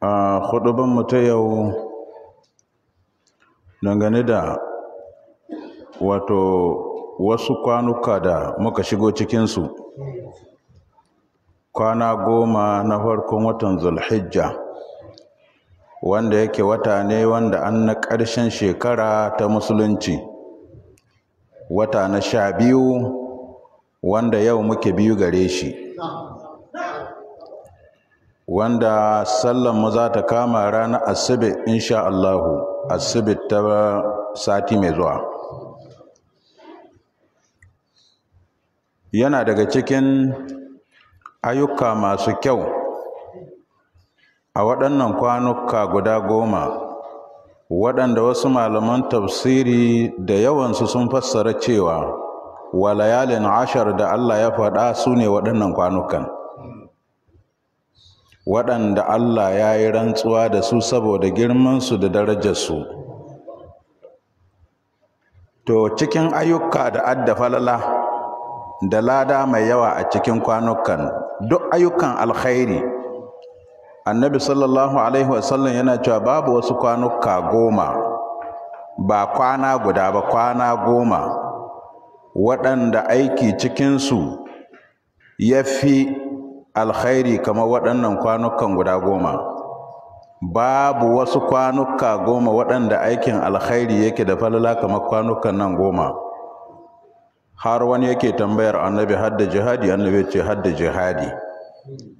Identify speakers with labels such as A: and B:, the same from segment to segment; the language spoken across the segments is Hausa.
A: a mu ta yau dangane da wato wasu kwanuka da muka shigo cikinsu kwana goma na farkon watan zulhijja wanda yake wata ne wanda an na ƙarshen shekara ta musulunci wata na sha biyu wanda yau muke biyu gare shi wanda sallan mu za ta kama ranar asibit, insha Allahu asibit ta sati mai zuwa yana daga cikin ayyuka masu kyau a waɗannan kwanuka guda goma waɗanda wasu malaman tafsiri da yawansu sun fassara cewa walayalin ashar da Allah ya faɗa su ne waɗannan kwanukan waɗanda Allah ya yi rantsuwa da su saboda girmansu da darajarsu to cikin ayyuka da adda falala da lada mai yawa a cikin kwanukan duk ayyukan alkhairi annabi sallallahu alaihi wasallam yana cewa babu wasu kwanuka goma ba kwana guda ba kwana goma waɗanda aiki cikinsu ya fi alkhairi kamar waɗannan kwanukan guda goma babu wasu kwanuka goma waɗanda aikin alkhairi yake da falala kamar kwanukan nan goma har wani yake tambayar annabi hadda jihadi annabi ce hadda jihadi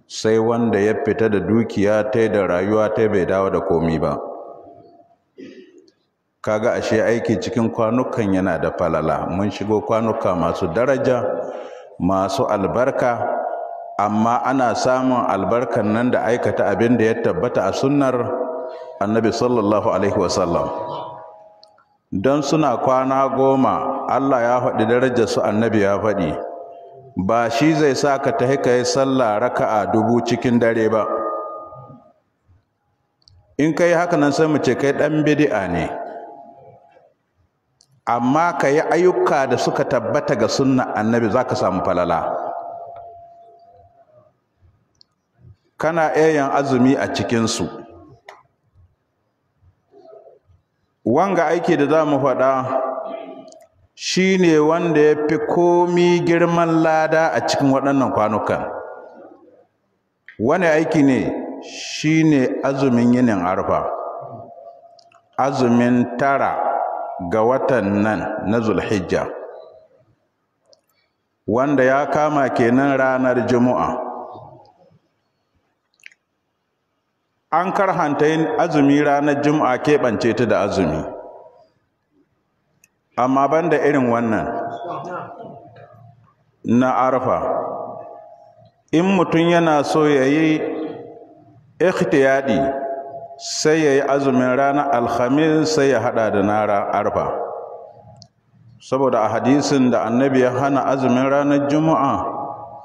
A: sai wanda ya fita da dukiya ta da rayuwa ta bai dawo da komi ba kaga ashe aiki cikin kwanukan yana da falala mun shigo kwanuka masu daraja masu albarka amma ana samun albarkan nan da aikata abin da ya tabbata a sunnar annabi sallallahu alaihi wasallam don suna kwana goma Allah ya faɗi darajar su annabi ya faɗi ba shi zai sa ka tahi ka yi sallah raka'a dubu cikin dare ba in ka yi haka nan sai mu ce kai ɗan bidi'a ne amma ka yi ayyuka da suka tabbata ga sunna annabi za ka samu falala kana ayan azumi a cikinsu wanga aiki da za mu faɗa shi ne wanda ya fi komi girman lada a cikin waɗannan kwanukan wani aiki ne shi ne azumin yinin arfa azumin tara ga watan nan na zulhijja wanda ya kama kenan ranar juma'a an karhanta yin azumi ranar juma'a keɓance ta da azumi amma banda irin wannan na arfa in mutum yana so ya yi ikhtiyadi sai ya yi azumin ranar alhamis sai ya haɗa da nara arfa saboda a hadisin da annabi ya hana azumin ranar juma'a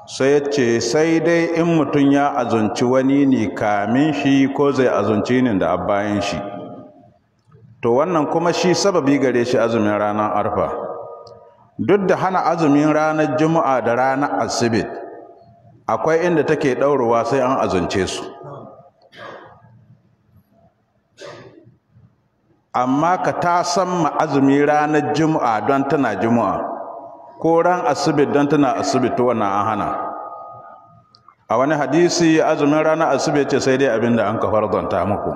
A: sai ya ce sai dai in mutum ya azunci wani ne kamin shi ko zai azunci ne da bayan shi to wannan kuma shi sababi gare shi azumin ranar arfa duk da hana azumin ranar juma'a da ranar asibit akwai inda take ɗaurowa sai an azunce su amma ka ta san ma azumi ranar juma'a don tana juma'a Koran ran asibit don tana asibit to wannan an hana a wani hadisi azumin ranar asibit ce sai dai abin da an ka farzanta muku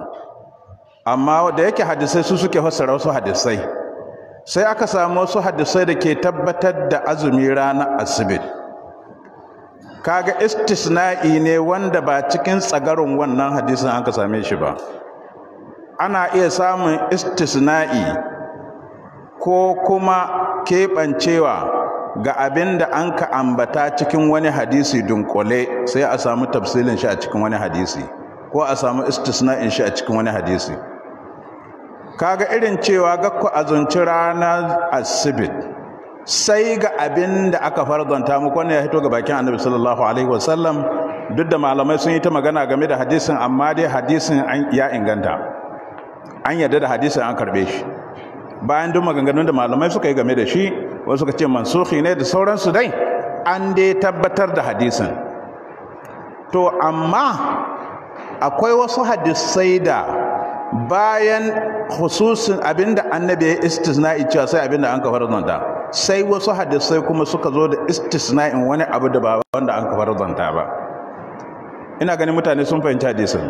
A: amma da yake hadisai su suke fassara wasu hadisai sai aka samu wasu hadisai da ke tabbatar da azumi ranar asibit kaga istisna'i ne wanda ba cikin tsagarin wannan hadisin aka same shi ba ana iya samun istisna'i ko kuma keɓancewa ga abin da an ka ambata cikin wani hadisi dunkule sai a samu tafsilin shi a cikin wani hadisi ko a samu istisna'in shi a cikin wani hadisi kaga irin cewa ga ku azunci ranar asibit sai ga abin da aka farzanta muku wannan ya hito ga bakin annabi sallallahu alaihi wasallam duk da malamai sun yi ta magana game da hadisin amma dai hadisin ya inganta an yarda da hadisin an karbe shi bayan duk maganganun da malamai suka yi game da shi wasu ka ce mansuhi ne da sauransu dai an dai tabbatar da hadisin to amma akwai wasu hadisai da bayan hususin abinda annabi ya istisna cewa sai abinda an kafar zanta sai wasu hadisai kuma suka zo da in wani abu da ba wanda an kafar zanta ba ina ganin mutane sun fahimci hadisin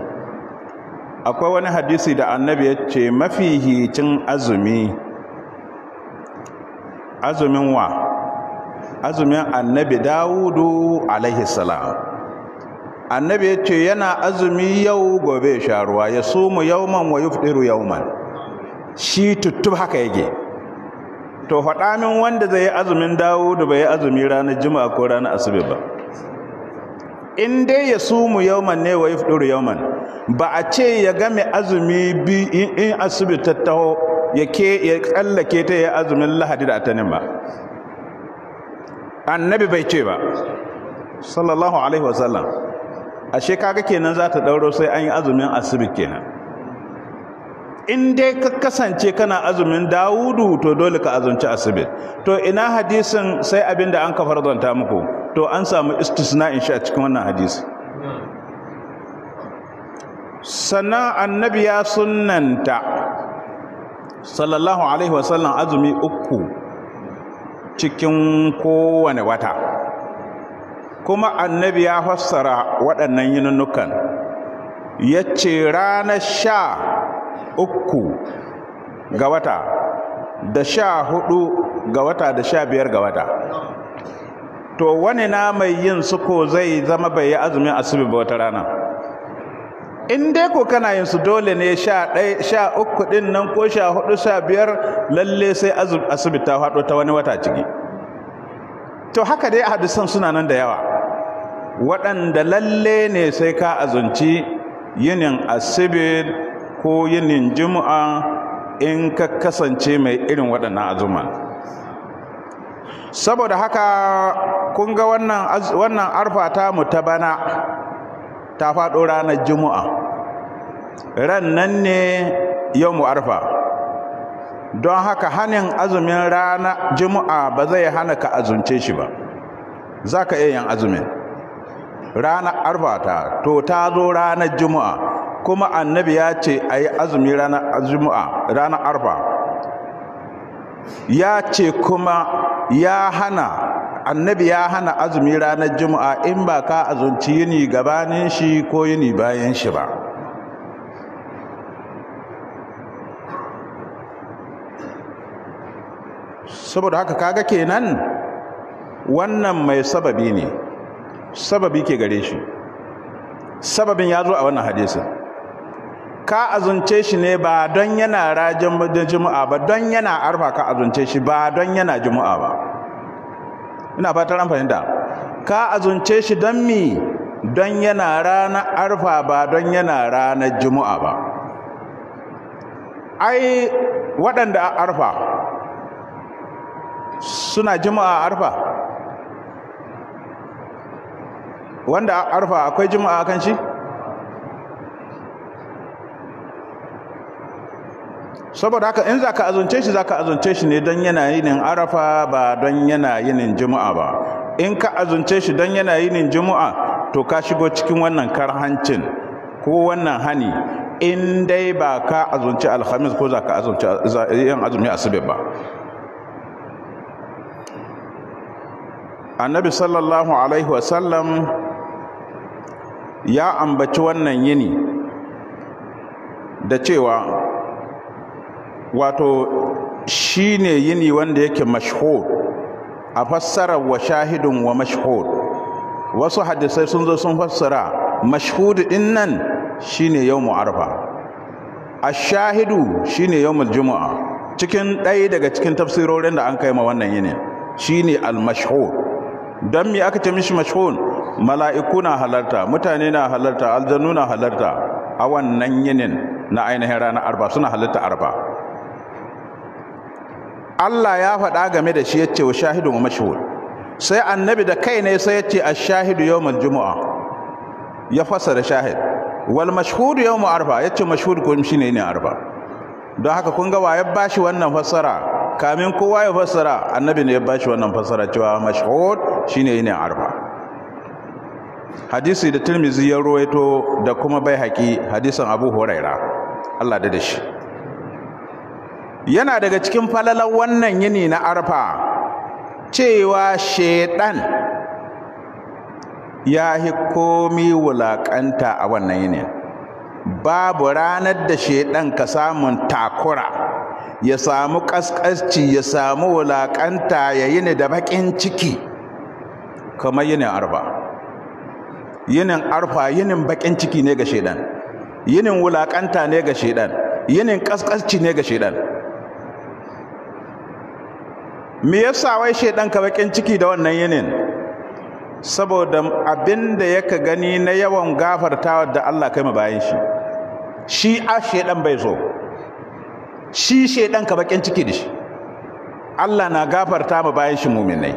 A: akwai wani hadisi da annabi ya ce mafihicin azumi azumin wa azumin annabi dawudu alaihi salam annabi ya ce yana azumi yau gobe sharuwa, ruwa ya sumu yauman wa yufdiru yauman shi tuttub haka yake to faɗa min wanda zai yi azumin dawudu bai yi azumi ranar juma'a ko ranar asubi ba in dai ya sumu yauman ne wa yufdiru yauman ba a ce ya game azumi bi in asubi ta taho ya ke ya tsallake ta ya azumin lahadi da atanin ba annabi bai ce ba sallallahu alaihi wasallam ashe kaga kenan za ta ɗauro sai an yi azumin asibi kenan in dai ka kasance kana azumin dawudu to dole ka azumci asibi to ina hadisin sai abinda an ka farzanta muku to an samu istisna in a cikin wannan hadisi sannan annabi ya sunanta sallallahu alaihi wasallam azumi uku cikin kowane wata kuma annabi ya fassara waɗannan nukan. ya ce ranar sha uku ga wata da sha hudu ga wata da sha biyar ga wata to wani na mai yin suko zai zama bai yi azumin asibi ba wata rana in dai ko kana yin su dole ne sha ɗaya sha uku ɗin nan ko sha hudu sha biyar lalle sai asibita haɗo ta wani wata ciki to haka dai hadisan suna nan da yawa waɗanda lalle ne sai ka azunci yinin asibit ko yinin jimu'a in ka kasance mai irin waɗannan azuma. saboda haka kun ga wannan arfata mu ta bana ta faɗo ranar juma'a ran nan ne yau arfa don haka hannun azumin ranar juma'a ba zai hana ka azumce shi ba za ka iya yin azumin ranar arfa ta to ta zo ranar juma'a kuma annabi ya ce a yi azumi ranar juma'a ranar arfa ya ce kuma ya hana annabi ya hana azumi ranar juma'a in ba ka azunci yini gabanin shi ko yini bayan shi ba saboda haka kaga kenan wannan mai sababi ne sababi ke gare shi sababin ya zo a wannan hadisun ka azunce shi ne ba don yana rajin juma'a ba don yana arfa ka azunce shi ba don yana juma'a ba ina fatar an fahimta ka azunce shi don mi don yana rana arfa ba don yana rana juma'a ba ai waɗanda a arfa suna juma'a arfa wanda a arfa akwai juma'a kan shi? saboda haka in ka azunce shi za ka azunce shi ne don yana yinin arafa ba don yana yinin juma'a ba in ka azunce shi don yana yinin juma'a to ka shigo cikin wannan karhancin ko wannan hani in dai ba ka azunci alhamis ko za ka yin azumi asibi ba annabi sallallahu alaihi wasallam ya ambaci wannan yini da cewa wato shi ne yini wanda yake mashhur a fassara wa shahidun wa mashhur wasu hadisai sun zo sun fassara mashhudu din nan shi ne yau mu'arfa a shahidu shi ne yau juma'a cikin ɗaya daga cikin tafsirorin da an kai ma wannan yini shi ne al-mashhur don mi aka ce mishi mashhur mala'iku na halarta mutane na halarta aljanu na halarta a wannan yinin na ainihin ranar arba suna halarta arba Allah ya faɗa game da shi yace wa shahidu wa mashhud sai annabi da kai ne sai yace ash-shahidu yawmal jumu'a ya fasara shahid wal mashhud yawm arfa yace mashhud ko shine ne arfa don haka kun ga waye bashi wannan fassara kamin kowa ya fassara annabi ne ya bashi wannan fassara cewa mashhud shine ne arfa hadisi da Tirmidhi ya ruwaito da kuma bai haƙi hadisin Abu Huraira Allah da da shi. yana daga cikin falalar wannan yini na arfa cewa shaidan ya yi komi wulaƙanta a wannan yinin babu ranar da shaidan ka samun takura ya samu ƙasƙasci ya samu wulaƙanta ya yini da baƙin ciki kamar yinin arfa yinin arfa yinin baƙin ciki ne ga shaidan yinin wulaƙanta ne ga shaidan yinin ƙasƙasci ne ga shaidan me yasa wai shedan ka bakin ciki da wannan yinin saboda abin da ka gani na yawan gafartawa da Allah kai bayan shi shi a ɗan bai zo shi shedan ka bakin ciki da shi Allah na gafarta ma bayan shi muminai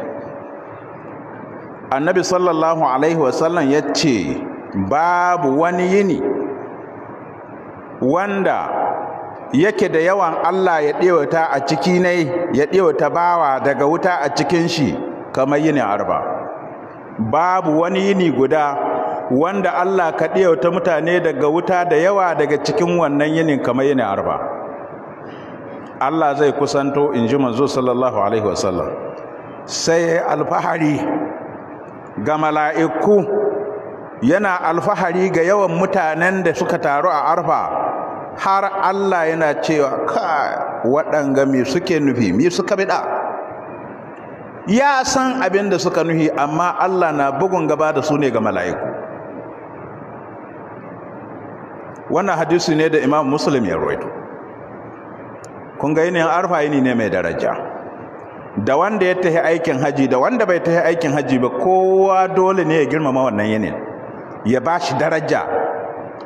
A: annabi sallallahu alaihi wasallam ya ce babu wani yini wanda yake da yawan Allah ya ɗewata a ciki ne ya ɗewata bawa daga wuta a cikin shi kamar yini arba babu wani yini guda wanda Allah ka ɗewata mutane daga wuta da yawa daga cikin wannan yinin kamar yini arba Allah zai kusanto in ji manzo sallallahu alaihi wasallam sai alfahari ga mala'iku yana alfahari ga yawan mutanen da suka taru a arfa har Allah yana cewa ka waɗanga mi suke nufi mi suka bida ya san abin da suka nufi, amma Allah na bugun gaba da su ne ga mala'iku wannan hadisi ne da imam muslim ya roito kun ga yinin arfa yini ne mai daraja da wanda ya tafi aikin haji da wanda bai tafi aikin haji ba kowa dole ne ya girmama wannan yinin ya bashi daraja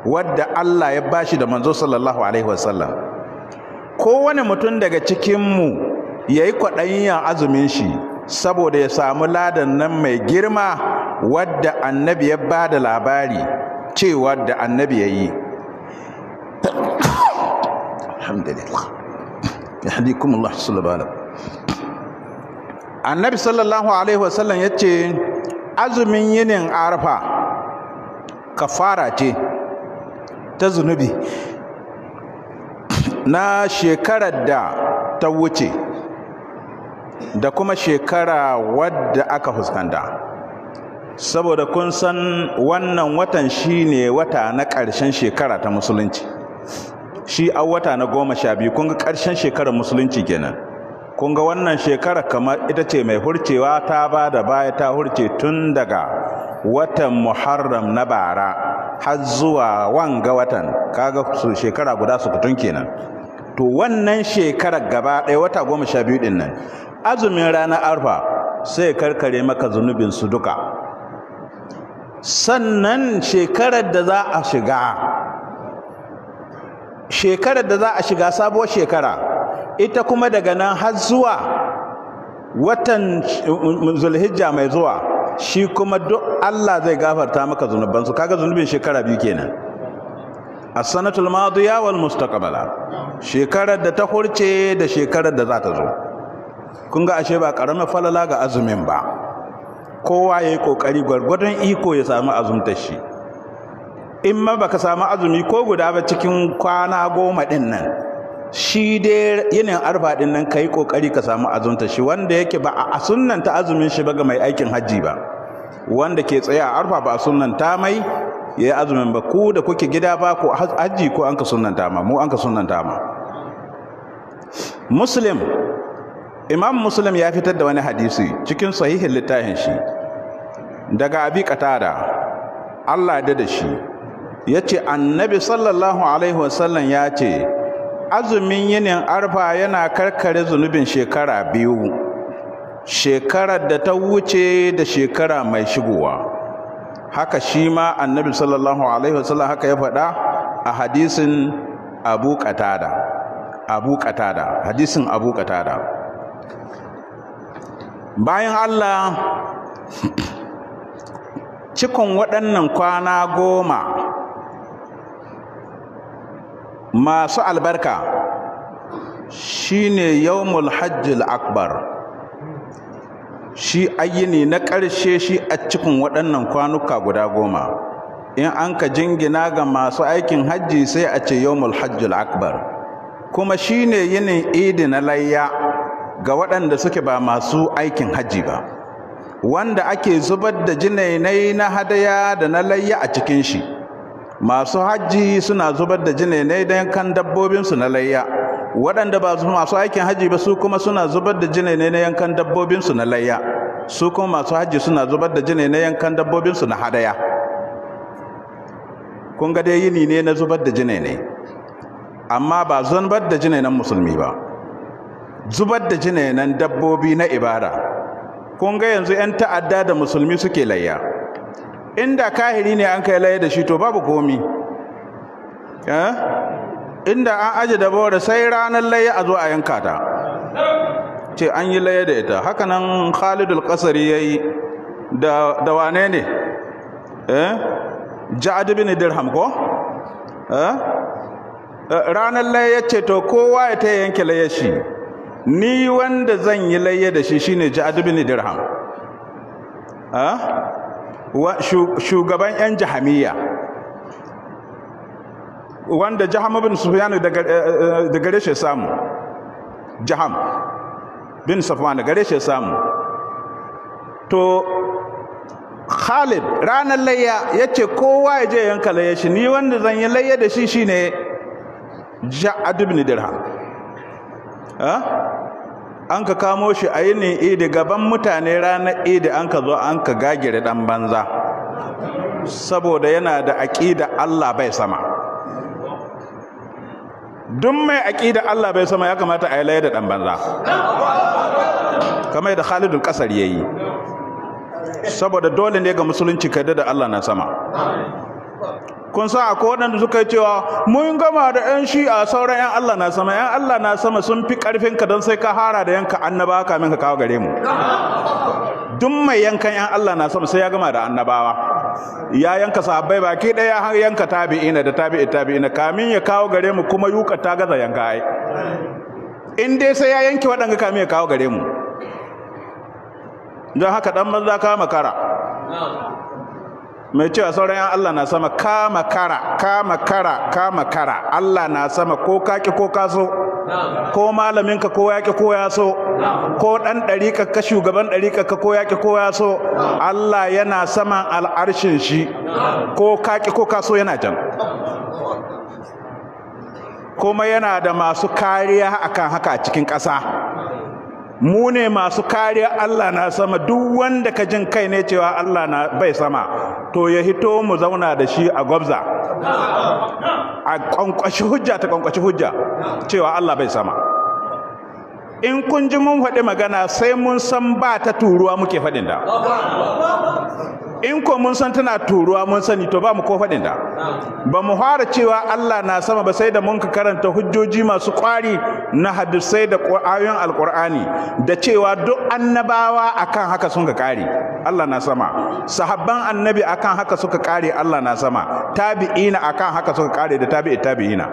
A: wadda Allah ya bashi da manzo sallallahu alaihi wasallam kowane mutum daga cikinmu ya yi kwaɗayin azumin shi saboda ya samu ladan nan mai girma wadda annabi ya ba da labari cewa da annabi ya yi annabi sallallahu alaihi wasallam ya ce azumin yinin ka kafara ce ta zunubi na shekarar da ta wuce da kuma shekara wadda aka fuskanta saboda kun san wannan watan shi ne wata na ƙarshen shekara ta musulunci shi a wata na goma sha biyu kun ga ƙarshen shekarar musulunci kenan kun ga wannan shekara kamar ita ce mai hurcewa ta ba da baya ta hurce tun daga watan muharram na bara har zuwa wanga watan kaga su shekara guda su kutun kenan to wannan shekarar gaba ɗaya wata goma sha biyu ɗin nan azumin ranar arfa sai karkare maka zunubin su duka sannan shekarar da za a shiga shekarar da za a shiga sabuwar shekara ita kuma daga nan har zuwa watan zulhijja mai zuwa shi kuma duk Allah zai gafarta maka zunubansu kaga zunubin shekara biyu kenan as-sanatul madiya wal mustaqbala shekarar da ta hurce da shekarar da za ta zo kun ga ashe ba karamin falala ga azumin ba kowa yayi kokari gwargwadon iko ya samu azumtar shi in ma baka samu azumi ko guda ba cikin kwana goma din nan shi dai yanayin arfa din nan kai kokari ka samu azunta shi wanda yake ba a sunnanta azumin shi ba ga mai aikin hajji ba wanda ke tsaye a arfa ba a sunnanta mai ya yi azumin ba ku da kuke gida ba ko hajji ko an ka sunnanta ma mu an ka sunnanta ma muslim imam muslim ya fitar da wani hadisi cikin sahihin littafin shi daga abi qatada Allah da da shi yace annabi sallallahu alaihi wasallam ya ce azumin yinin arfa yana karkare zunubin shekara biyu shekarar da ta wuce da shekara mai shigowa haka shi ma annabi sallallahu alaihi wasallam haka ya faɗa a hadisin abu qatada abu qatada hadisin abu qatada bayan Allah cikon waɗannan kwana goma masu albarka shine yawmul hajjil akbar shi ayyini na ƙarshe shi a cikin waɗannan kwanuka guda goma in an ka jingina ga masu aikin hajji sai a ce yawmul hajjil akbar kuma shine yinin idi na layya ga waɗanda suke ba masu aikin hajji ba wanda ake zubar da jinainai na hadaya da na layya a cikin shi masu hajji suna zubar da ne don kan dabbobinsu na layya waɗanda ba su masu aikin hajji ba su kuma suna zubar da ne na yankan dabbobinsu na layya su kuma masu hajji suna zubar da jinenai na yankan dabbobinsu na hadaya kun ga dai yini ne na zubar da ne amma ba zubar da jinainan musulmi ba zubar da jinainan dabbobi na ibada kun ga yanzu 'yan ta'adda da musulmi suke layya inda kahiri ne an kai laye da shi to babu komi eh? inda an aji da bawar sai ranar laye a zo a yanka ta ce an yi laye da ita hakanan khalidul kasari ya yi da wane ne eh? ja'ad bin dirham ko eh? ranar laye ce to kowa ya ta yanke laye shi ni wanda zan yi laye da shi shine ja'ad bin dirham shugaban 'yan jahamiya wanda jaham bin sufyan da gare eh, eh, shi samu jaham bin sufyan da gare shi samu to khalid ranar layya ya ce kowa ya je yanka layya shi ni wanda zan yi layya da shi shine ja'adu bin dirham ah? an ka kamo shi a yinin idi gaban mutane ranar idi an ka zo an ka gagire dan banza saboda yana da aƙida Allah bai sama duk mai aƙida Allah bai sama ya kamata a yi laye da dan banza kamar da Khalidul Kasar yayi saboda dole ne ga musulunci kada da Allah na sama kun sa akwai waɗanda suka yi cewa mun gama da yan shi'a sauran yan Allah na sama yan Allah na sama sun fi ƙarfin ka don sai ka hara da yanka annaba kamin ka kawo gare mu duk mai yankan yan Allah na sama sai ya gama da annabawa ya yanka sahabbai baki ɗaya har yanka tabi'ina da tabi'i tabi'ina kamin ya kawo gare mu kuma yuka ta gaza yanka ai in dai sai ya yanke waɗanda kamin ya kawo gare mu don haka ɗan maza kama kara. mai cewa sauran yan Allah na sama kama kara kama kara kama kara Allah na sama ko kaki ko kaso ko malaminka ko yaki ko ya so ko dan ɗariƙa ka shugaban ɗariƙa ka ko yaki ko ya so Allah yana saman al'arshin shi ko kaki ko kaso yana jan kuma yana da masu kariya akan haka a cikin ƙasa mu ne masu kariya Allah na sama duk wanda ka jin kai ne cewa Allah na bai sama to ya hito mu zauna da shi a gwabza a kwankwashi hujja ta kwankwashi hujja cewa Allah bai sama in kun ji mun faɗi magana sai mun san ba ta turuwa muke faɗin da in ko mun san tana turuwa mun sani to ba mu ko faɗin da ba mu fara cewa Allah na sama ba sai da mun ka karanta hujjoji masu ƙwari na hadisai da ayoyin alƙur'ani da cewa duk annabawa akan haka sun ka kare Allah na sama sahabban annabi akan haka suka kare Allah na sama tabi'ina akan haka suka kare da tabi'i tabi'ina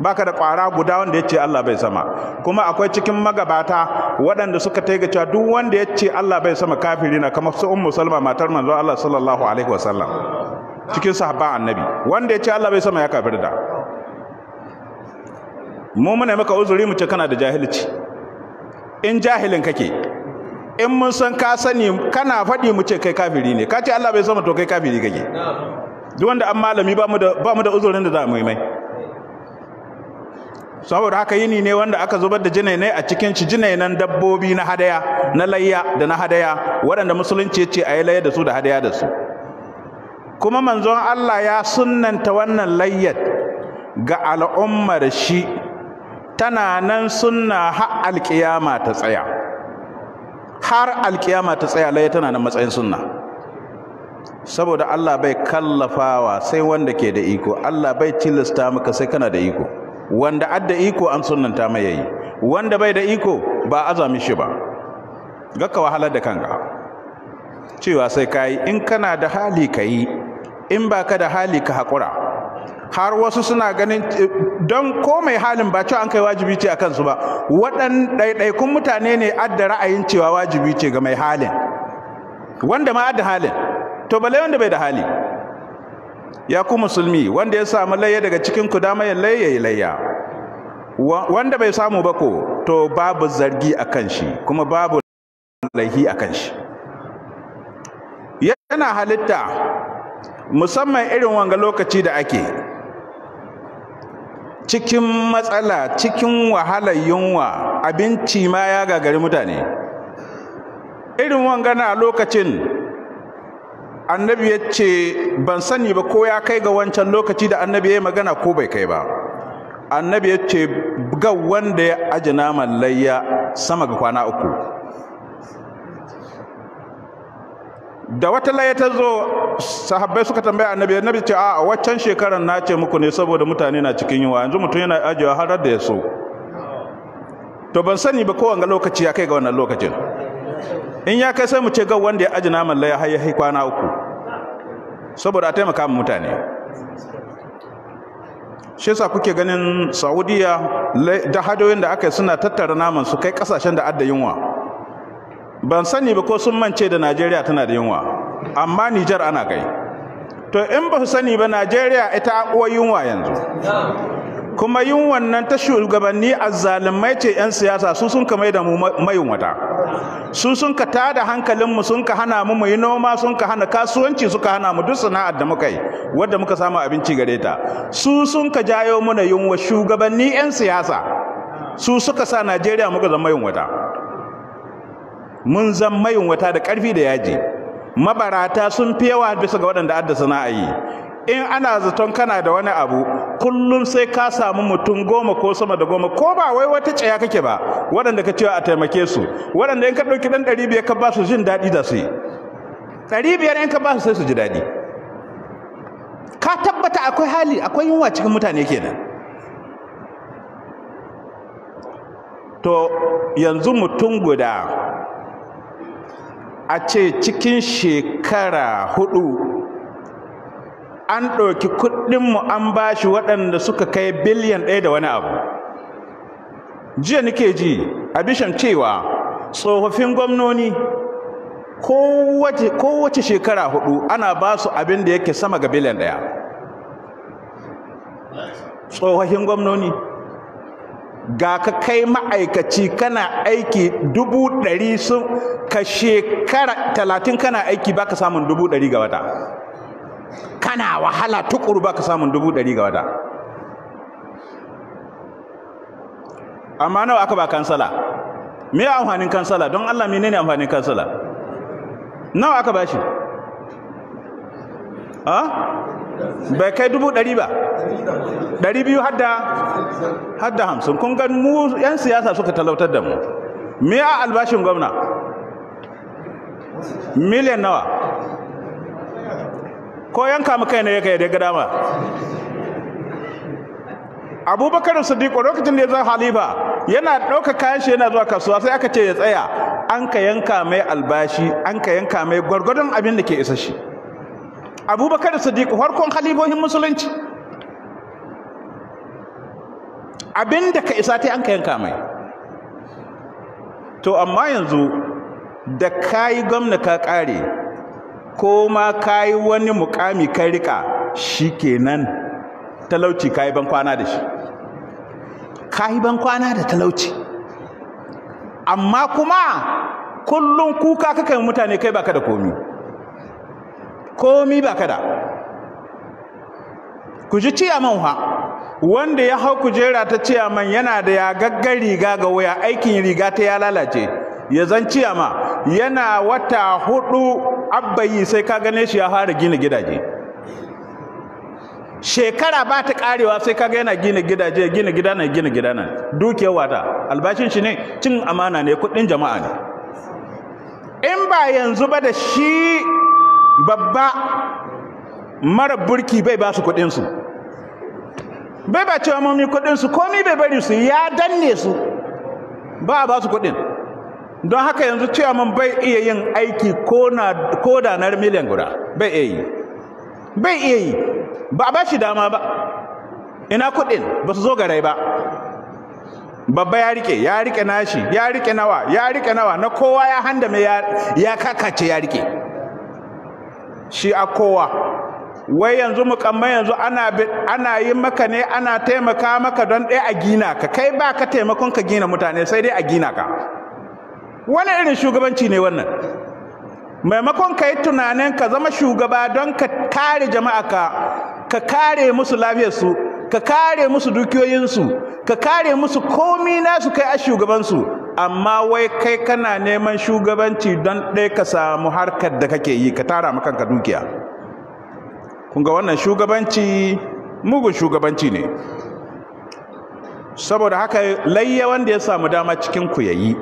A: baka da ƙwara guda wanda ya ce Allah bai sama kuma akwai cikin magabata waɗanda suka taiga cewa duk wanda ya ce Allah bai sama kafiri na kamar su ummu salma matar manzo Allah sallallahu alaihi wasallam cikin sahabban annabi wanda ya ce Allah bai sama ya da mu muna maka uzuri mu ce kana da jahilci in jahilin kake in mun san ka sani kana faɗi mu ce kai kafiri ne ka ce Allah bai sama to kai kafiri kake duk wanda an malami ba mu da uzurin da za mu yi mai saboda haka yini ne wanda aka zubar da ne a cikin shi nan dabbobi na hadaya na layya da na hadaya waɗanda musulunci ce a yi layya da su da hadaya da su kuma manzon Allah ya sunnanta wannan layyar ga al'ummar shi tana nan sunna har alƙiyama ta tsaya har alƙiyama ta tsaya layya tana nan matsayin sunna saboda Allah bai kallafawa sai wanda ke da iko Allah bai tilasta maka sai kana da iko wanda adda iko an sunanta mai yayi wanda bai da iko ba azami shi ba gaka wahalar da kanka cewa sai kai in kana da hali kai in baka da hali ka haƙura har wasu suna ganin don ko mai halin ba cewa an kai wajibi ce a kansu ba waɗan ɗaiɗaikun mutane ne adda ra'ayin cewa wajibi ce ga mai halin wanda ma adda halin to balai wanda bai da hali ya ku musulmi wanda ya samu layya daga cikin ku dama ya layya ya layya wanda bai samu ba ko to babu zargi akan shi kuma babu laihi akan shi yana halitta musamman irin wanga lokaci da ake cikin matsala cikin wahalar yunwa abinci ma ya gagari mutane irin wanga na lokacin annabi ya ce ban sani ba ko ya kai ga wancan lokaci da annabi ya yi magana ko bai kai ba annabi ya ce ga wanda ya aji naman layya sama ga kwana uku da wata layya ta zo sahabbai suka tambaya annabi ya ce a waccan shekarar na ce muku ne saboda mutane na cikin yiwa yanzu mutum yana ajiyewa har da ya so to ban sani ba kowanne lokaci ya kai ga wannan lokacin in ya kai sai mu ce ga wanda ya aji naman layya har ya kwana uku saboda a taimaka mu mutane shi yasa kuke ganin saudiya da hadoyin da aka yi suna tattara naman su kai kasashen da adda yunwa ban sani ba ko sun mance da najeriya tana da yunwa amma nijar ana kai to in ba su sani ba najeriya ita uwar yunwa yanzu kuma yin wannan ta shugabanni a zalimai ce 'yan siyasa su sun ka mai da mu wata su sun ka tada hankalinmu sun ka hana mu yi noma sun ka hana kasuwanci suka hana mu duk sana'ar da muka yi wadda muka samu abinci gare ta su sun ka jayo muna yunwa shugabanni 'yan siyasa su suka sa najeriya muka zama yunwata mun zama yunwata da ƙarfi da yaji mabarata sun fi yawa bisa ga waɗanda adda sana'a yi in ana zaton kana da wani abu kullum sai ka samu mutum goma ko sama da goma ko ba wai wata tsaya kake ba waɗanda ka cewa a taimake su waɗanda in ka ɗauki ɗan ɗari biyar ka ba su jin daɗi da su yi ɗari biyar in ka ba su sai su ji daɗi ka tabbata akwai hali akwai yunwa cikin mutane kenan to yanzu mutum guda a ce cikin shekara hudu an ɗauki kuɗinmu an ba shi waɗanda suka kai biliyan ɗaya da wani abu jiya nake ji a bishan cewa tsofaffin gwamnoni kowace shekara hudu ana ba su abin da yake sama ga biliyan ɗaya tsofaffin gwamnoni ga ka kai ma'aikaci kana aiki dubu ɗari sun ka shekara talatin kana aiki ba ka samun dubu ɗari ga wata kana wahala tukuru baka samun dubu ɗari ga wata amma nawa aka ba kansala me ya amfanin kansala don Allah menene amfanin kansala nawa aka ba shi ha bai kai dubu ɗari ba ɗari biyu hadda hadda hamsin kun gan mu 'yan siyasa suka talautar da mu me a albashin gwamna miliyan nawa ko yanka mu kai ne yake da gada ma abubakar Sadiqo lokacin da ya zama halifa yana ɗauka kayan shi yana zuwa kasuwa sai aka ce ya tsaya an ka yanka mai albashi an ka yanka mai gwargwadon abin da ke isa shi abubakar Sadiqo harkon halifohin musulunci abin da ka isa ta an ka yanka mai to amma yanzu da kayi gwamna ka ƙare ko ma ka yi wani mukami kai rika shi kenan talauci ka yi ban kwana da shi ka yi ban kwana da talauci amma kuma kullum kuka kakan mutane kai baka da komi komi baka da ku ji ciyaman ha wanda ya hau kujera ta ciyaman yana da ya gaggar riga ga waya aikin riga ta ya lalace ya zan ciyama yana wata hudu abbayi sai ka gane shi ya fara gina gidaje shekara ba ta karewa sai kaga yana gina gidaje gina gida gina gida dukiyar wata albashin shi ne cin amana ne kudin jama'a ne in ba yanzu ba da shi babba mara burki bai ba su kudinsu bai ba cewa mami kudinsu komi komai bai bari su ya danne su ba a ba su kudin don haka yanzu cewa man bai iya yin aiki ko da na miliyan guda bai iya yi bai iya yi ba a ba shi dama ba ina kudin ba su zo garai ba babba ya rike ya rike nashi ya rike nawa ya rike nawa na kowa ya handa mai ya kakace ya rike shi a kowa wai yanzu mukamman yanzu ana yi maka ne ana taimaka maka don ɗaya a gina ka kai ba ka taimakon ka gina mutane sai dai a gina ka wani irin shugabanci ne wannan maimakon ka yi tunanin ka zama shugaba don ka kare jama'a ka ka kare musu lafiyarsu ka kare musu dukiyoyinsu ka kare musu komi nasu kai a shugabansu amma wai kai kana neman shugabanci don ɗaya ka samu harkar da kake yi ka tara ma kanka dukiya kunga wannan shugabanci mugun shugabanci ne saboda haka layya wanda ya samu dama cikin ku yi.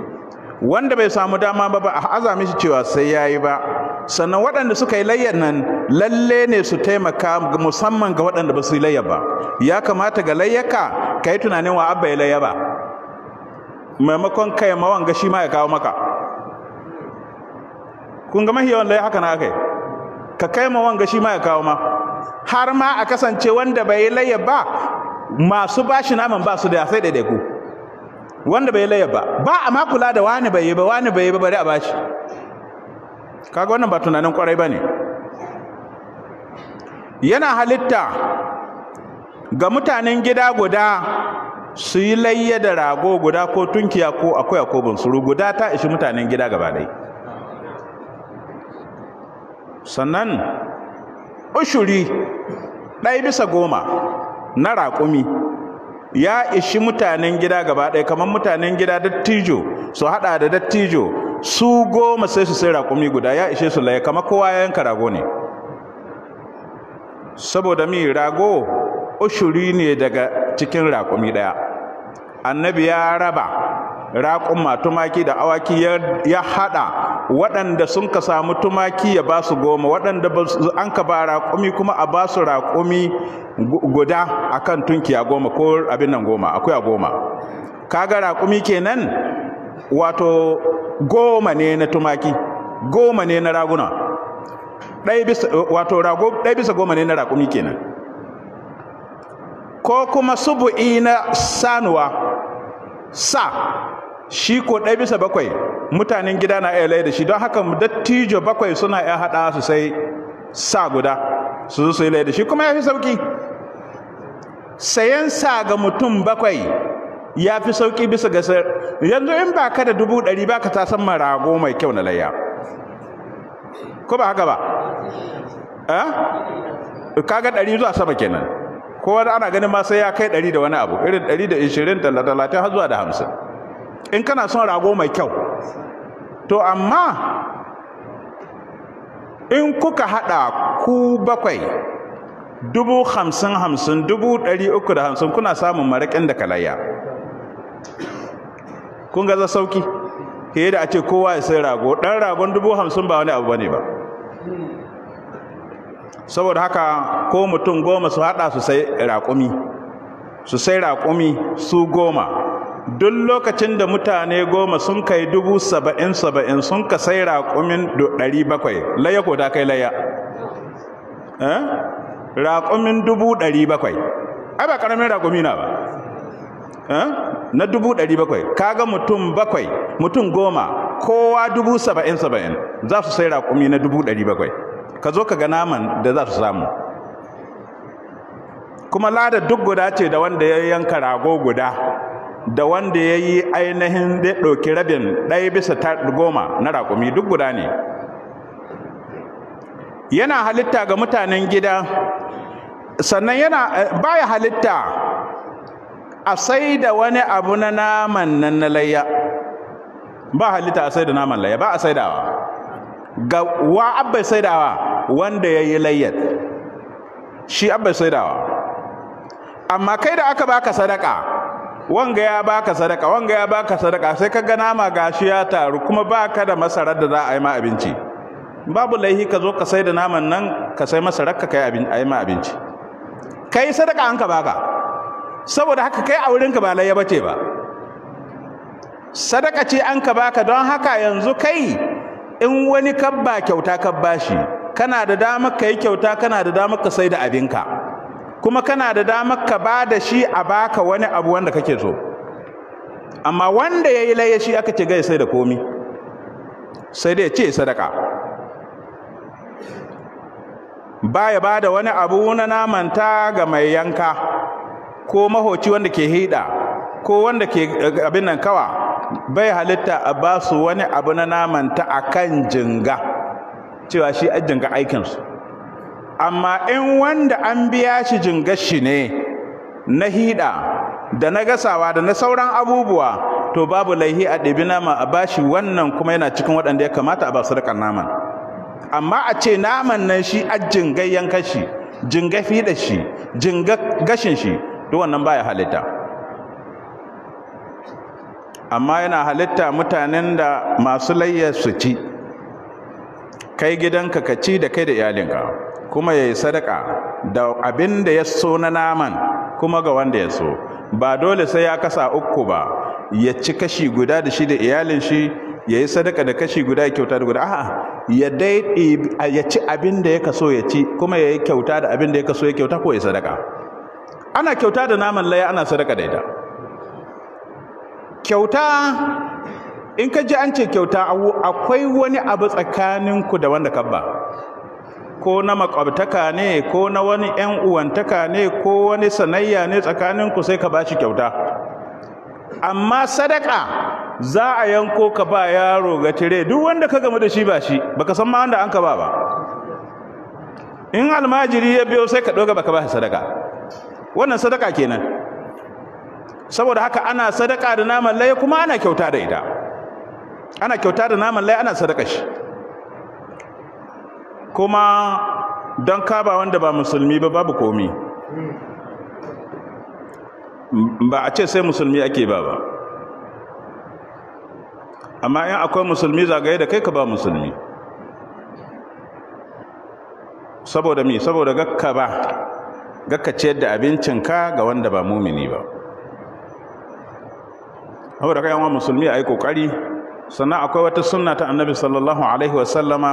A: wanda bai samu dama ba ba a azami shi cewa sai ya yi ba sannan waɗanda suka yi layyar nan lalle ne su taimaka musamman ga waɗanda ba su yi layyar ba ya kamata ga layyaka ka yi tunanin wa abba ya layya ba maimakon kai mawan ga shi ma ya kawo maka kun ga mahi yawan layya haka na aka ka kai mawan ga shi ma ya kawo ma har ma a kasance wanda bai yi layyar ba masu bashi naman ba su da sai ɗaiɗaiku wanda bai layya ba ba a ma kula da wani bai yi ba wani bai yi ba bari a bashi kaga wannan ba tunanin kwarai bane yana halitta ga mutanen gida guda su yi layya da rago guda ko tunkiya ko akwai ko suru guda ta ishi mutanen gida gaba dai sannan ushuri ɗaya bisa goma na raƙumi ya ishi mutanen gida gaba ɗaya kamar mutanen gida dattijo su haɗa da dattijo su goma sai su sai raƙumi guda ya ishe su laye kamar kowa ya yanka rago ne saboda mi rago ushuri ne daga cikin raƙumi ɗaya annabi ya raba raƙun matumaki da awaki ya haɗa waɗanda sun ka samu tumaki ya ba su goma waɗanda an ka ba raƙumi kuma a ba su raƙumi guda a kan tunki a goma ko abin nan goma akwai a goma kaga raƙumi kenan wato goma ne na tumaki goma ne na raguna wato rago ɗaya bisa goma ne na raƙumi kenan ko kuma subu'i na sanuwa sa shi ko ɗaya bisa bakwai mutanen gida na iya da shi don haka dattijo bakwai suna iya haɗa su sai sa guda su su yi da shi kuma ya fi sauki sayan sa ga mutum bakwai ya fi sauki bisa ga yanzu in ba ka da dubu ɗari ba ka ta san marago mai kyau na layya ko ba haka ba eh? kaga ɗari zuwa sama kenan kowa ana ganin ma sai ya kai ɗari da wani abu irin ɗari da ishirin da talatin har zuwa da hamsin in kana son rago mai kyau to amma in kuka haɗa ku bakwai dubu hamsin hamsin dubu dari uku da hamsin kuna samun maraƙin da kalayya kun gaza sauki fiye da a ce kowa ya sai rago ɗan ragon dubu hamsin ba wani abu bane ba saboda haka ko mutum goma su haɗa su sai raƙumi su sai raƙumi su goma duk lokacin da mutane goma sun kai dubu saba'in saba'in sun ka sai raƙumin ɗari bakwai laya ko ta kai laya eh? raƙumin dubu ɗari bakwai ai ba ƙaramin raƙumi na ba eh? na dubu ɗari bakwai kaga mutum bakwai mutum goma kowa dubu saba'in saba'in za su sai raƙumi na dubu ɗari bakwai ka zo ka ga naman da za su samu kuma lada duk guda ce da wanda ya yanka rago guda da wanda ya yi ainihin zai ɗauki rabin ɗaya bisa goma na raƙumi duk guda ne yana halitta ga mutanen gida sannan yana eh, baya halitta a sai da wani abu na naman nan na layya ba halitta a sai da naman layya ba a saidawa ga wa abba saidawa wanda ya yi layyar shi abba saidawa amma kai da aka baka sadaka wanga ya baka sadaka wanga ya baka sadaka sai ka ga nama gashi ya taru kuma baka da masarar da za a yi ma abinci babu laihi ka zo ka sai da naman nan ka sai masarar ka kai a yi ma abinci kai sadaka an ka baka saboda haka kai a wurin ka ba layya bace ba sadaka ce an ka baka don haka yanzu kai in wani kabba kyauta kabba bashi, kana da damar ka yi kyauta kana da damar ka sai da abinka kuma kana da damar ka ba da shi a baka wani abu wanda kake so amma wanda ya yi laye aka ce gai sai da komi sai dai ce sadaka ba ya ba da wani abu na namanta ga mai yanka ko mahoci wanda ke hida ko wanda ke eh, abin nan kawa bai halitta a ba su wani abu na namanta a kan jinga cewa shi ajinga jinga aikinsu amma in wanda an biya shi jingashi ne na hiɗa da na gasawa da na sauran abubuwa to babu laihi a ɗabi nama a bashi wannan kuma yana cikin waɗanda ya kamata a ba sadakar naman amma a ce naman nan shi a jingai kashi shi jinga fiɗa shi jinga gashin shi duk wannan baya halitta amma yana halitta mutanen da masu layya su ci kai gidanka ka ci da kai da iyalinka kuma ya yi sadaka da abin da ya so na naman kuma ga wanda ya so ba dole sai ya kasa uku ba ya ci kashi guda da shi da iyalin shi ya yi sadaka da kashi guda ya kyauta da guda a'a ya dai ya ci abin da ya kaso ya ci kuma ya yi kyauta da abin da ya kaso ya kyauta ko ya sadaka ana kyauta da naman laya ana sadaka da ita kyauta in ka ji an ce kyauta akwai wani abu tsakaninku da wanda kabba ko na makwabtaka ne ko na wani ‘yan uwantaka ne ko wani sanayya ne tsakaninku sai ka ba shi kyauta amma sadaka za a yanko ka ba yaro ga cire duk wanda ka gamu da shi ba shi baka san ma wanda an ka ba ba in almajiri ya biyo sai ka ɗoga baka ba shi sadaka wannan sadaka kenan saboda haka ana sadaka da naman laye kuma ana kyauta da ita ana kyauta da naman laye ana sadaka shi kuma don kaba wanda ba musulmi ba babu komi ba a ce sai musulmi ake ba ba amma in akwai musulmi zagaye da kai ka ba musulmi saboda mi saboda gakka ba gakka ce da abincinka ga wanda ba mumini ba saboda kayan wa musulmi a yi kokari sannan akwai wata sunna ta annabi sallallahu alaihi wasallama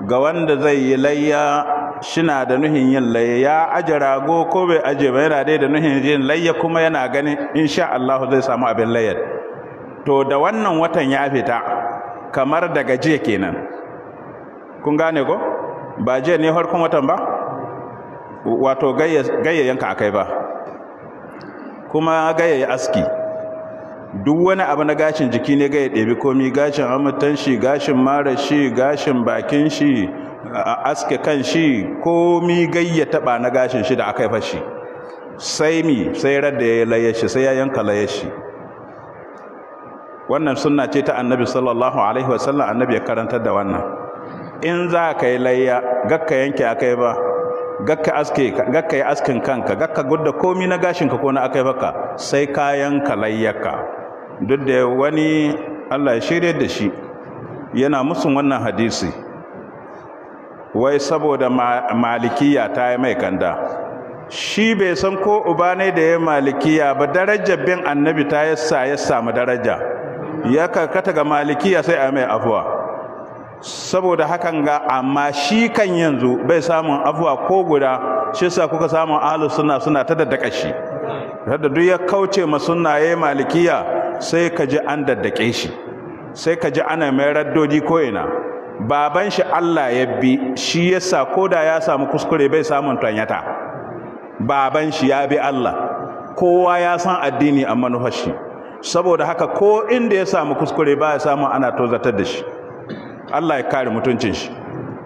A: ga wanda zai yi layya shina da nuhin yin layya ya aje rago ko bai aje ba yana dai da nuhin yin layya kuma yana ganin insha Allah zai samu abin layyar to da wannan watan ya fita kamar daga jiya kenan kun gane ko ba jiya ne farkon watan ba wato gayya a akai ba kuma gayya aski duk wani abu na gashin jiki ne ga ya ɗebi komi gashin amurtan shi gashin mara shi gashin bakin shi a aske kan shi komi gai ya taɓa na gashin shi da aka yi fashi sai mi sai radda ya laye shi sai ya yanka laye shi wannan suna ce ta annabi sallallahu alaihi wasallam annabi ya karantar da wannan in za ka yi layya gakka yanke yi ba gakka aske gakka yi askin kanka gakka gudda komi na gashinka ko na aka yi baka sai ka yanka layyaka duk da wani Allah ya shirya da shi yana musun wannan hadisi wai saboda malikiya ta yi mai kanda shi bai san ko uba ne da ya malikiya ba daraja bin annabi ta yasa ya samu daraja ya karkata ga malikiya sai a mai afuwa saboda hakan ga amma shi kan yanzu bai samun afuwa ko guda shi yasa kuka samun ahalus suna suna ta daddaka shi da duk ya kauce ma ya yi malikiya sai ka ji an daddake shi sai ka ji ana mai raddodi ko'ina baban shi Allah ya bi shi yasa ko da ya samu kuskure bai samun tanyata baban shi ya bi Allah kowa ya san addini a manufar shi saboda haka ko inda ya samu kuskure ba ya samu ana tozatar da shi Allah ya kare mutuncin shi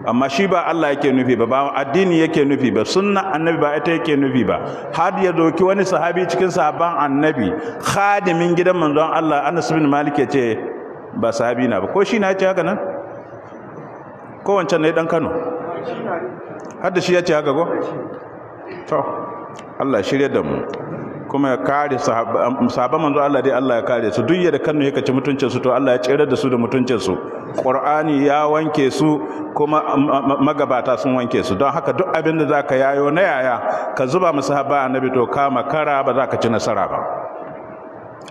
A: amma shi ba Allah yake nufi ba ba addini yake nufi ba sunna annabi ba ita yake nufi ba har ya doki wani sahabi cikin sahaban annabi khadimin gidan manzon Allah Anas bin Malik ya ce ba sahabi na ba ko shi na ya ce haka nan ko wancan ne dan Kano har da shi ya ce haka ko to Allah shirya da mu kuma ya kare sahabban manzo Allah dai Allah ya kare su duk yadda kannu yake ci mutuncin su to Allah ya tsere da su da mutuncin su Qur'ani ya wanke su kuma magabata sun wanke su don haka duk abin da zaka yayo na yaya ka zuba mu sahabba annabi to ka makara ba za ka ci nasara ba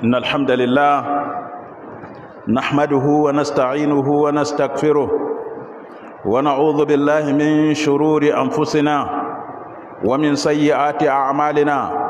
A: innal hamdalillah nahmaduhu wa nasta'inuhu wa nastaghfiruh ونعوذ بالله من شرور انفسنا a سيئات اعمالنا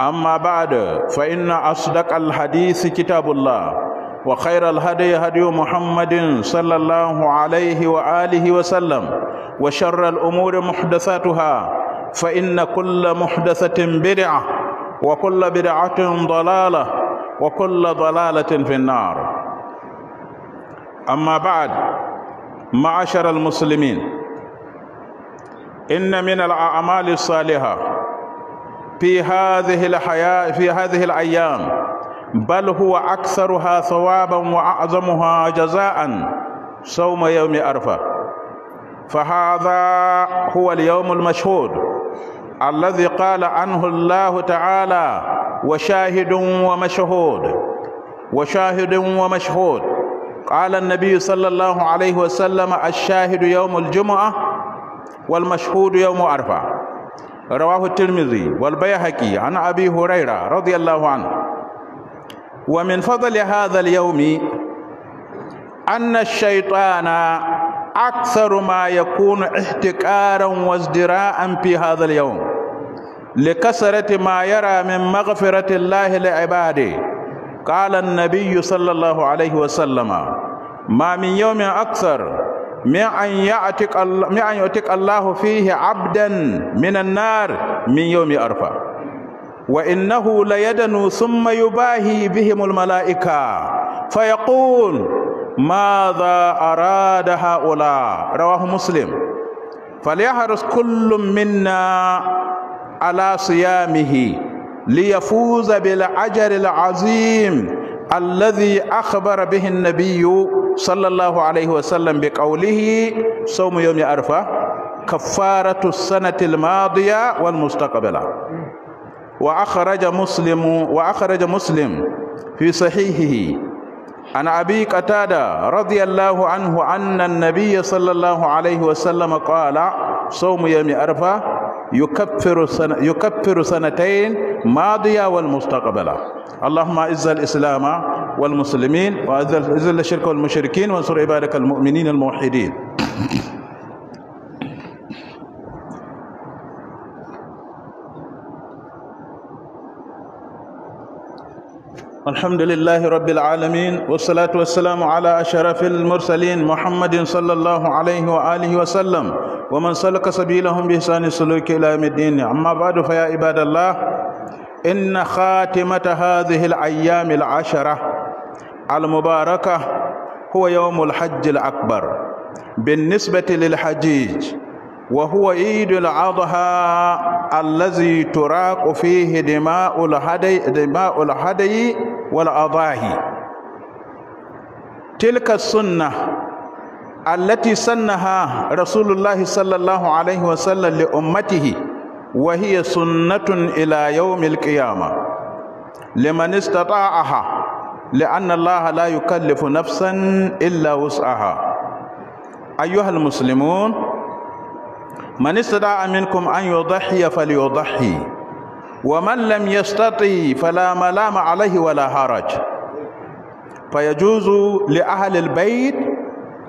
A: أما بعد فإن أصدق الحديث كتاب الله وخير الهدي هدي محمد صلى الله عليه وآله وسلم وشر الأمور محدثاتها فإن كل محدثة بدعة وكل بدعة ضلالة وكل ضلالة في النار أما بعد معاشر المسلمين إن من الأعمال الصالحة في هذه الحياة في هذه الأيام بل هو أكثرها ثوابا وأعظمها جزاء صوم يوم عرفة فهذا هو اليوم المشهود الذي قال عنه الله تعالى وشاهد ومشهود وشاهد ومشهود قال النبي صلى الله عليه وسلم الشاهد يوم الجمعة والمشهود يوم عرفه رواه الترمذي والبيهقي عن أبي هريرة رضي الله عنه ومن فضل هذا اليوم أن الشيطان أكثر ما يكون احتكارا وازدراء في هذا اليوم لكثرة ما يرى من مغفرة الله لعباده قال النبي صلى الله عليه وسلم ما من يوم أكثر من أن يعتق الله من أن يعتق الله فيه عبدا من النار من يوم أرفع وإنه ليدن ثم يباهي بهم الملائكة فيقول ماذا أراد هؤلاء رواه مسلم فليحرص كل منا على صيامه ليفوز بالأجر العظيم الذي أخبر به النبي صلى الله عليه وسلم بقوله صوم يوم عرفة كفارة السنة الماضية والمستقبلة وأخرج مسلم وأخرج مسلم في صحيحه عن أبي قتادة رضي الله عنه أن النبي صلى الله عليه وسلم قال صوم يوم عرفة يكفر سنة يكفر سنتين ماضية والمستقبلة اللهم أعز الإسلام والمسلمين وأذل الشرك والمشركين وانصر عبادك المؤمنين الموحدين الحمد لله رب العالمين والصلاة والسلام على أشرف المرسلين محمد صلى الله عليه وآله وسلم ومن سلك سبيلهم بإحسان السلوك إلى يوم الدين أما بعد فيا عباد الله إن خاتمة هذه الأيام العشرة المباركة هو يوم الحج الأكبر بالنسبة للحجيج وهو عيد الأضحى الذي تراق فيه دماء الهدي دماء الهدي والأضاحي تلك السنة التي سنها رسول الله صلى الله عليه وسلم لأمته وهي سنة إلى يوم القيامة لمن استطاعها لأن الله لا يكلف نفسا إلا وسعها أيها المسلمون من استطاع منكم أن يضحي فليضحي ومن لم يستطع فلا ملام عليه ولا حرج فيجوز لأهل البيت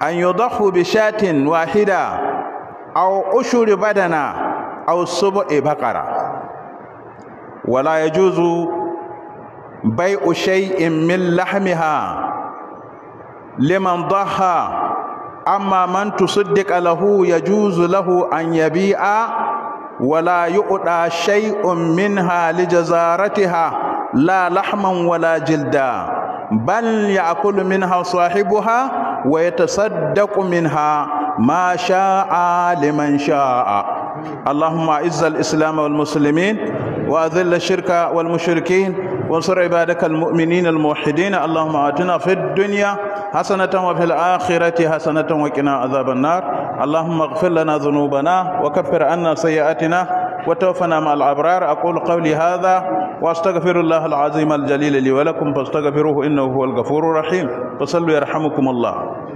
A: أن يضحوا بشاة واحدة أو أشر بدنة أو سبع بقرة ولا يجوز بيع شيء من لحمها لمن ضحى amma man tusuddiq lahu ya juzu lahu an yabi'a wala yu'da shay'un minha lijazaratiha la lahman wala jilda bal ya'kulu minha sahibuha wa yatasaddaqu minha ma sha'a liman sha'a اللهم aizzal الاسلام والمسلمين وأذل الشرك والمشركين وانصر عبادك المؤمنين الموحدين اللهم آتنا في الدنيا حسنة وفي الآخرة حسنة وقنا عذاب النار اللهم اغفر لنا ذنوبنا وكفر عنا سيئاتنا وتوفنا مع الأبرار أقول قولي هذا وأستغفر الله العظيم الجليل لي ولكم فاستغفروه إنه هو الغفور الرحيم فصلوا يرحمكم الله